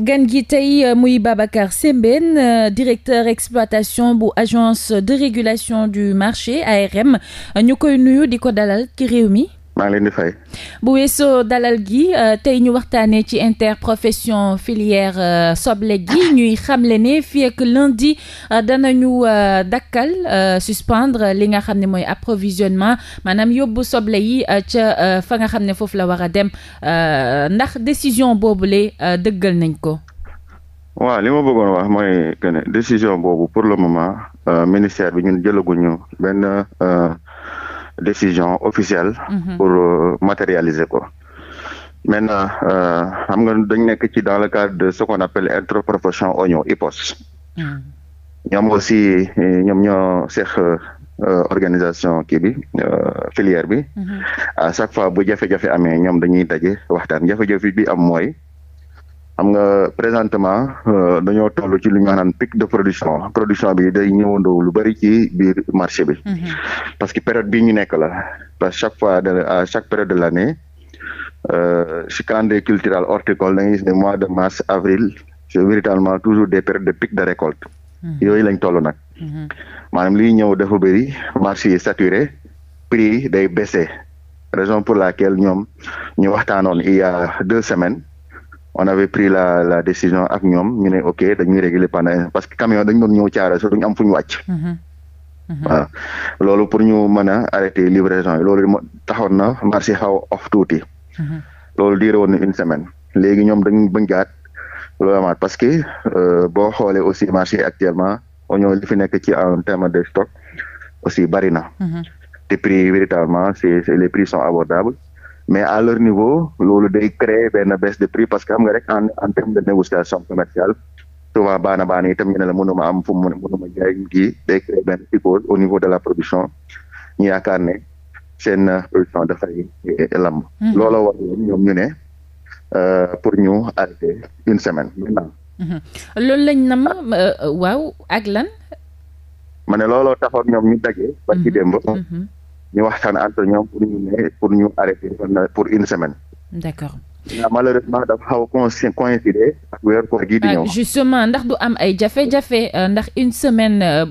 gan gi tey euh, muy Babacar Sembène euh, directeur exploitation bu agence de régulation du marché ARM ñu koy nuyu di ko dalal ci réew mi maa ngi leen di fay. bu weesoo dalal gi euh, tey ñu waxtaanee ci interprofession filière euh, soble gi ah. ñuy xamle ne fii ak lundi euh, danañu dakkal suspendre li nga xam ne mooy approvisionnement maanaam yóbbu soble yi ca fa nga xam ne foofu la war a dem ndax décision boobu boobule dëggal nañ ko. waaw li ma bëggoon wax mooy que ne décision boobu pour le moment ministère bi ñun jëlaguñu benn. décision officielle. Mhm. pour euh, matérialiser ko. maintenant euh, xam nga dañ nekk ci dans le cadre de ce qu'on appelle interprofession oignon IPOS. Mhm. ñoom aussi ñoom ñoo seq euh, organisation kii bi filière bi. Mhm. chaque fois bu jafe-jafe amee ñoom dañuy daje waxtaan jafe-jafe bi am mooy. am nga présentement euh, dañoo toll ci lu ñu naan pic de production production bi day ñëwandoo lu bari ci biir marché bi. Mhm. parce que période bii ñu nekk la parce que chaque fois de à chaque période de l'année euh, ci calendrier cultural horticole da ngay mois de mars avril c'est véritablement toujours des périodes de pic de récolte. Mhm. yooyu lañ toll nag. Mhm. maanaam liy ñëw dafa bari marché yi saturé prix day baissé raison pour laquelle ñoom ñu waxtaanoon il y deux semaines. on avait pris la la décision ak ñoom ñu ne ok dañuy réguler que camion dañu doon caara so duñu am fu ñu mhm. Mhm. loolu pour ñu mën a arrêter livraison yi loolu taxoon na marché xaw off tuuti. Mhm. loolu diire woon na une semaine léegi ñoom dañu bañ gaat loolu parce que euh, boo xoole aussi marché actuellement o li fi nekk ci en terme de stock aussi bari na. te prix véritablement c'est les prix sont abordables. mais à leur niveau loolu day créer benn baisse de prix parce que xam nga rek en en terme de négociation commerciale souvent baana baana itam ñu ne la mënuma am fu mu mënuma jaay kii day créer benn psychose au niveau de la production ñu yaakaar ne seen production dafay lamb. Mhm. loolo war ñoom ñu ne euh, pour ñu arrêter une semaine maintenant. Mhm. loolu lañ na ma euh, waaw ak lan. ma ne looloo taxoon ñoom ñu daje. ba ci mhm. démb. ñu waxtaan entre ñoom pour ñu pour arrêter pour une semaine. d'accord. malheureusement dafa xaw a coïncider ah, ndax du am ay jafe-jafe euh, ndax une semaine euh,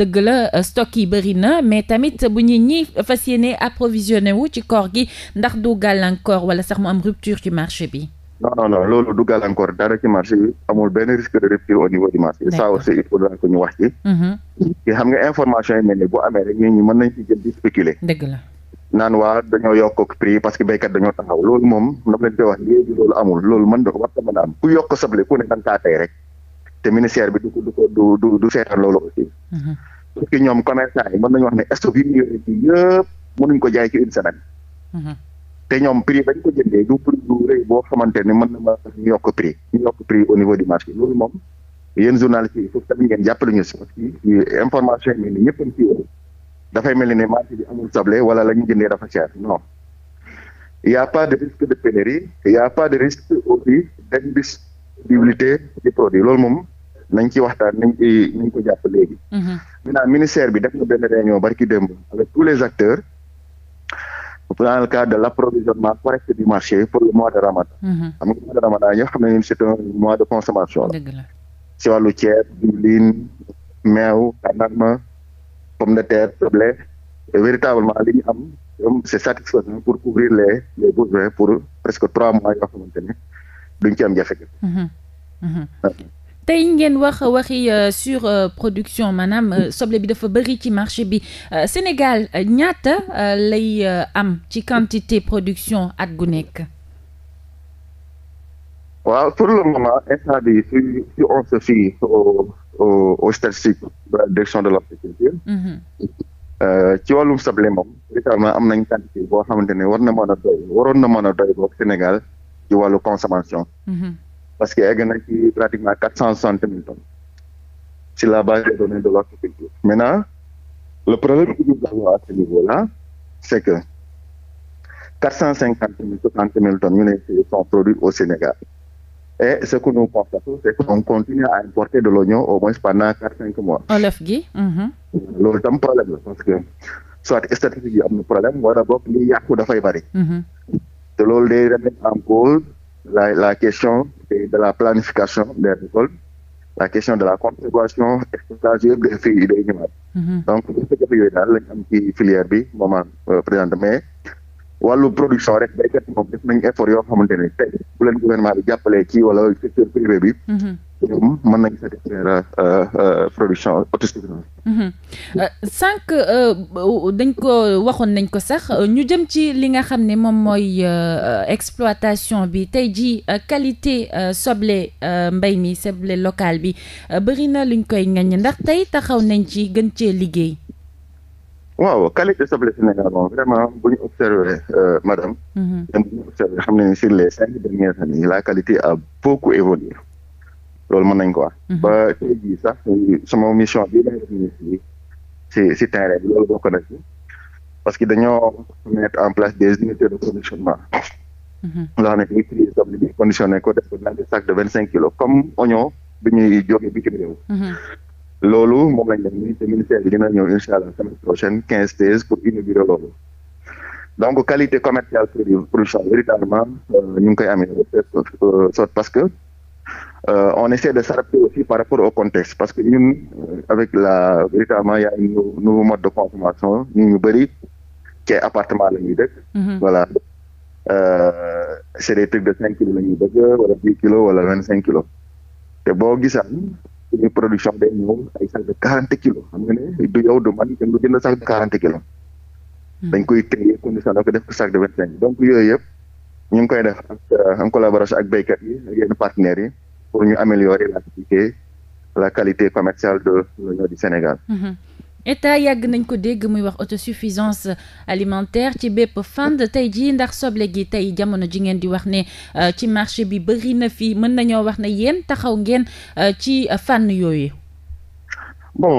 dëgg la euh, stock yi bëri na mais tamit bu ñu ñi fas yéene approvisionné wu ci koor gi ndax du gàllankoor wala sax mu rupture ci marché bi. non non loolu du gàllankoor dara ci marché bi amul benn risque de rupture au niveau du marché ça aussi il faudra que ñu wax ci te mhm. xam nga information yi mel ni bu amee rek ñun ñi mën nañ ci jël naan waa dañoo yokk prix parce que béykat dañoo taxaw loolu moom nam lañ koy wax loolu amul loolu man da ko ku yokk soble ku ne da nga rek te ministère bi du ko du ko du du seetaan loolu aussi mhm. parce que ñoom commerçant yi nañu wax ne stock yi ñu yëpp mënuñ ko jaay ci une semaine mhm. te ñoom prix bañ ko jëndee du prix bu rëy boo xamante ne mën na ma ñu yokk prix ñu yokk prix au niveau di marché loolu moom yéen journalistes yi foofu tamit ngeen jàppale ñu si information yi mel ñëpp dafay mel ni ne marché amul soble wala la ñu jëndee dafa cher non il y pas de risque de pénurie il y a pas de risque aussi d'indisponibilité des produits loolu moom nañ ci waxtaan nañ ci ko jàpp léegi. Mhm. maintenant ministère bi def na benn réunion barki démb avec tous les acteurs. dans le cadre de l'approvisionnement correct du marché pour le mois de Ramadan. Mhm. xam nga mois de Ramadan ñoo xam ne c'est un mois de consommation la. ci wàllu ceeb diwlin meew tàndarma pomme de terre blé véritablement li ñu am c'est satisfaisant pour couvrir les les pour presque trois mois yoo xamante ne duñ ci am jafe tey ngeen wax waxi euh, sur euh, production maanaam euh, soble bi dafa bëri ci marché bi Sénégal ñaata lay am ci quantité production ak gu nekk. waaw pour le moment instant bi si si on de la direction mhm. ci wàllum soble moom. véritablement am nañ boo xamante ne war na mën a doy waroon na mën a doy boog Sénégal ci wàllu consommation. Mhm. parce que egg na ci pratiquement quatre cent soixante mille tonnes sur la base des de l'horticulture maintenant le problème que nous avons à ce niveau là c'est que quatre cent cinquante mille tonnes yu ne sont produites au Sénégal et ce que nous constatons c'est qu'on continue à importer de l'oignon au moins pendant quatre cinq mois olof gi mhm. loolu tam problème la parce que soit statistique yi problème wala boog li yàqu dafay bari mhm. te loolu day remettre en cause la, la question de, la planification des récoltes, la question de la conservation et des filles des animaux. Mm-hmm. donc béykat yooyu daal lañ am ci filière bi moment euh, présente mais wàllu production rek béykat moom def nañ effort yoo xamante ne tey bu leen gouvernement bi jàppalee ci wala secteur privé bi. Mm-hmm. ñoom mën nañu satisfaire euh, euh, production autosuffisance. Mhm. Euh, sànq dañ ko waxoon nañ ko sax ñu jëm ci li nga xam ne moom mooy exploitation bi tey jii qualité soble mbay mi soble local bi bëri na luñ koy ngañ ndax tey taxaw nañ ci gën cee liggéey. waaw qualité soble Sénégal vraiment bu ñu observé madame. Mhm. xam ne sur les cinq dernières années la qualité a beaucoup évolué. loolu mën nañ ko mhm. ba tey jii sax sama mission bii lay def si si terrain bi loolu bokk na ci parce que dañoo mettre en place des unités de conditionnement. loo mhm. xam ne dañuy prise comme ni ñuy conditionné ko def ko dans des sacs de vingt cinq kilos comme oignon bi ñuy jógee bitim réew. Mhm. loolu moom lañ def ministère dina ñëw incha allah semaine prochaine quinze treize pour inaugurer loolu. donc qualité commerciale production véritablement euh, ñu ngi koy amee sotti euh, parce que. Euh, on de s'adapter par rapport au contexte parce que ñun euh, avec la véritablement y a un nouveau mode de consommation ñu ñu bëri ci appartement la ñuy dëkk mhm. voilà euh, des trucs de cinq kilos la ñuy bëgg wala dix wala vingt cinq kilos te boo gisaan suñu production de ñëw ay sac de quarante kilos xam nga ne du yow du man kenn du jënd sac de quarante kilos mhm. dañ koy téye condition da ko def ko sac de vingt cinq donc yooyu yëpp ñu ngi koy def ak euh, en collaboration ak béykat yi ak yenn partenaires yi pour ñu améliorer la qualité la qualité commerciale de l'oignon du Sénégal. Mhm. état yàgg nañ ko dégg muy wax autosuffisance alimentaire ci bépp fànn tey jii ndax soble gi tey jamono ji ngeen di wax ne euh, ci marché bi bëri na fi mën nañoo wax ne yéen taxaw ngeen euh, ci fànn yooyu. bon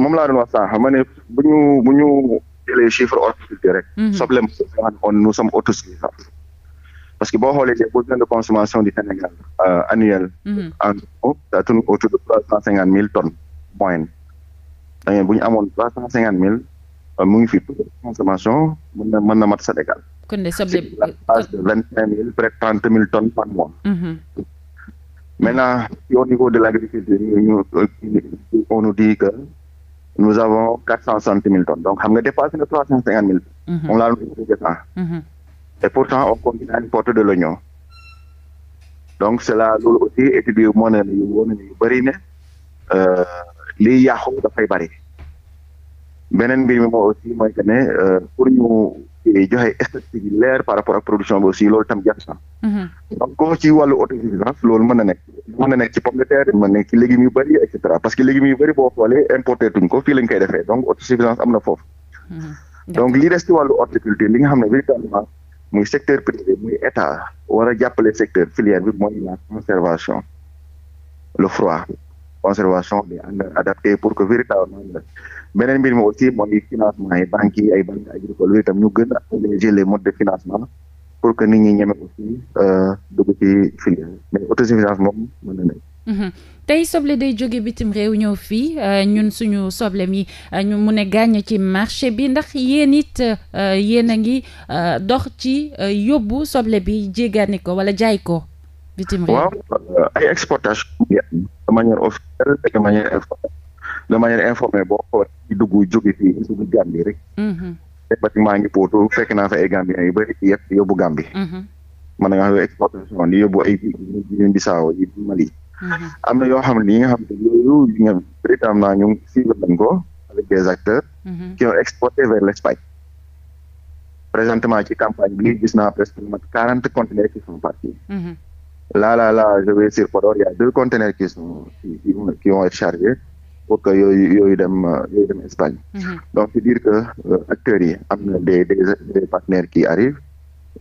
moom laa doon wax sànq ma ne bu ñu bu ñu jëlee chiffre horticulture mhm. soble moom nous sommes autosuffisants. parce que boo xoolee les besoins de consommation du Sénégal euh, annuel. Mm trois cent cinquante mille tonnes moyenne. da amoon trois cent cinquante mille euh, mu fi consommation mën na mën na mat Sénégal. kon de euh, vingt cinq mille près de trente mille tonnes par mois. Mm -hmm. au niveau de l' agriculture euh, on nous dit que quatre cent soixante mille tonnes donc xam nga dépassé na trois cent cinquante mille. Mhm. on l'a Et pourtant, o continue à importer de l'oignon. donc cela loolu aussi études yu moo ne yu woon bëri ne liy yàqu dafay bëri beneen mbir mi moo aussi mooy que ne euh, pour ñu joxe statistique yi leer par rapport ak production bi aussi loolu tam jafe na mhm. donc ci wàllu autosuffisance loolu mën na nekk mën na nekk ci pomme de terre mën na nekk ci légumes yu bëri et cetera parce que légumes yu bëri boo xoolee importé tuñ ko fii lañ koy defee donc autosuffisance am na foofu mhm. donc li des ci wàllu horticulture li nga xam ne muy secteur privé muy état war jàppale secteur filière bi mooy la conservation le froid conservation des engrais adaptés pour que véritablement beneen mbir mi aussi mooy financement yi banques yi ay banques agricoles yi itam ñu gën a privilégier les modes de financement pour que nit ñi ñeme aussi euh, dugg ci filière mais autosuffisance moom mën na Mhm. tey soble day jóge bitim réew ñëw fii euh, ñun suñu soble mi euh, ñu mu ne gàññ ci marché bi ndax yéen it euh, yéen a ngi dox ci yóbbu soble bi jéggaani ko wala jaay ko bitim réew. waaw ay exportation de boo xoolee ci dugg jóge fii suñu Gambie rek. pratiquement mhm. ngi Poto fekk naa fa ay Gambien yu bëri yëpp yóbbu Gambie. Mhm. mën nga xam ne exportation yóbbu ay Mali. Mm-hmm. am na yoo xam ne yi nga xam ne yooyu yi nga véritablement ñu ngi suivre des acteurs mm-hmm. qui ont exporté vers l'Espagne présentement ci campagne bi gis presque quarante conteneurs qui sont partis mm-hmm. là là là je vais Podor il a deux conteneurs qui sont qui, qui, qui vont pour que yooyu yooyu dem yooyu donc c'est dire que euh, yi am na des des qui arrivent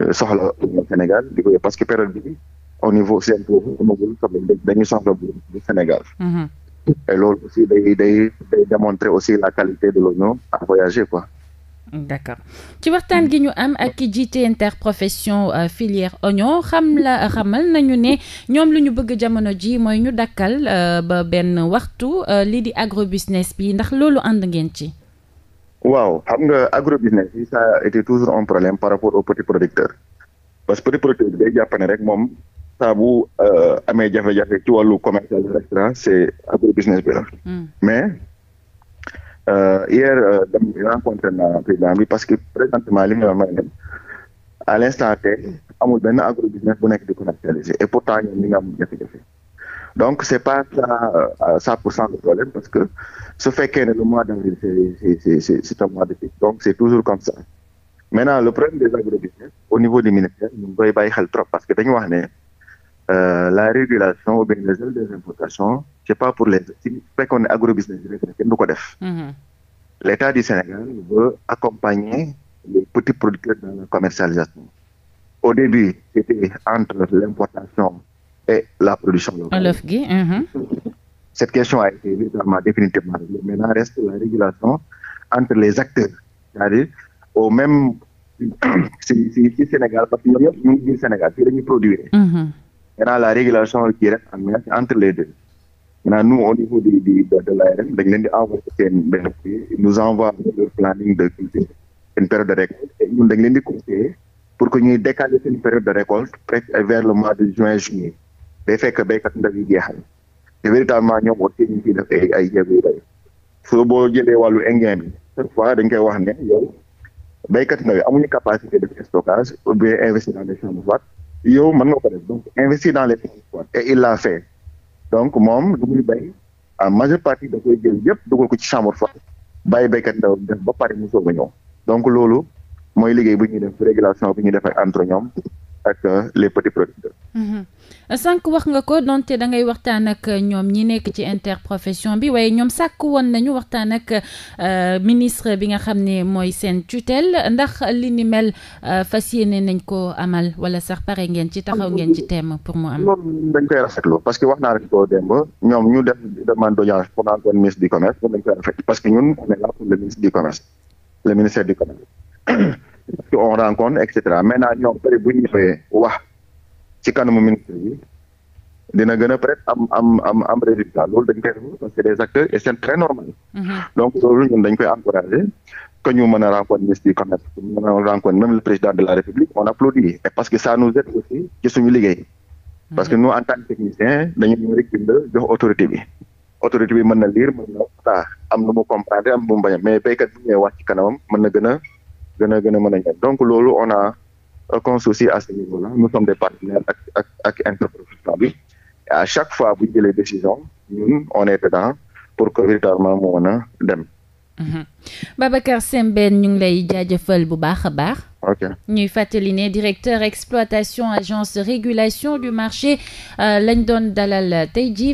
euh, soxla Sénégal parce que période bi au niveau seen niveau tamit dañu soxla bu Sénégal. Mhm. et loolu aussi day day day démontrer aussi la qualité de l'oignon à voyager quoi. ci waxtaan gi ñu am ak ki jiite interprofession euh, filière oignon xam la xamal nañu ne ñoom lu ñu bëgg jamono ji mooy ñu dakkal euh, ba benn waxtu euh, lii di agro agrobusiness bi ndax loolu ànd ngeen ci. waaw xam nga agrobusiness bi ça a été toujours un problème par rapport aux petits producteurs parce que petit producteur day jàpp rek moom saa bu euh, amee jafe-jafe ci wàllu commercial et cetera c'est agro business bi la. Hmm. mais euh, hier euh, dem rencontré naa que présentement li nga wax mooy à l'instant T amul benn agro business bu nekk di commercialiser et pourtant ñoom ñu ngi donc c'est pas ça pour cent le problème parce que su fekkee ne le mois d'avril c'est c'est c'est c'est mois de pic donc c'est toujours comme ça maintenant le problème des agrobusiness au niveau du ministère ñu koy bàyyi xel trop parce que dañu wax ne. euh, la régulation ou bien les ailes des importations c'est pas pour les si fekkoon ne agrobusiness rek kenn du ko def. Mm-hmm. l'état du Sénégal veut accompagner les petits producteurs dans la commercialisation. au début c'était entre l'importation et la production locale. olof ah, mm-hmm. cette question a été véritablement définitivement réglée maintenant reste la régulation entre les acteurs c'est-à-dire au même Sénégal parce que ñoom ñëpp ñu produire. Mm-hmm. maintenant la régulation qui reste en ménage entre les deux maintenant nous au niveau du de de l'ARM dañ leen di envoyé seen benn nous envoie le planning de culture période de récolte et dañ leen di conseiller pour que ñuy décaler seen période de récolte presque vers le mois de juin juillet day fekk béykat ndaw yi jeexal te véritablement ñoom aussi ñu ciy def ay ay jéego yu bëri soo boo jëlee wàllu engrais bi chaque fois dañ koy wax ne baykat béykat ndaw yi amuñu capacité de stockage ou bien investir dans des champs de yow mën nga ko def donc investir dans les petits points et il l'a fait donc moom lu muy bay en majeure partie da koy jël yëpp dugal ko ci chambre forte bàyyi béykat ndaw def ba pare mu soog a ñëw donc loolu mooy liggéey bu ñuy def régulation bi ñuy def entre ñoom ak euh, les petits producteurs. Mhm. sànq wax nga ko donte da ngay waxtaan ak euh, ñoom ñi nekk ci interprofession bi waaye ñoom sàkk woon nañu waxtaan ak euh, ministre bi nga xam ne mooy seen tutelle ndax li ni mel fas yéene nañ ko amal wala sax pare ngeen ci taxaw ngeen ci thème pour mu am. loolu dañ koy lu parce que wax naa rek ko démb ñoom ñu def demande d'audience pour naan kon ministre du commerce parce que ñu on est là pour le ko du ministère du commerce. qu'on rencontre et cetera maintenant ñoom peut-être bu ñu ñëwee wax ci kanamu ministre yi dina gën a peut-être am am am am résultat loolu dañ koy def parce que des acteurs et très normal. Mhm. donc loolu ñun dañ koy encourager. que ñu mën a rencontre ministre du a rencontre président de la république on applaudit et parce que ça nous aide aussi ci suñu liggéey. parce que mhm. nous en technicien dañu ñëw rek jox autorité bi. autorité bi mën na lire mën na am lu mu comprendre am lu mu bañ mais béykat bi a. gën a gën a mën a ñor donc loolu on a aucun à ce niveau là nous sommes des partenaires ak ak ak à chaque fois bu jëlee décision ñun on est dedans pour que véritablement mu mën a dem. Mhm. Babacar Sembène ñu ngi lay jaajëfal bu baax a baax. ok ñuy fàttali ne directeur exploitation agence régulation du marché euh, lañ doon dalal tey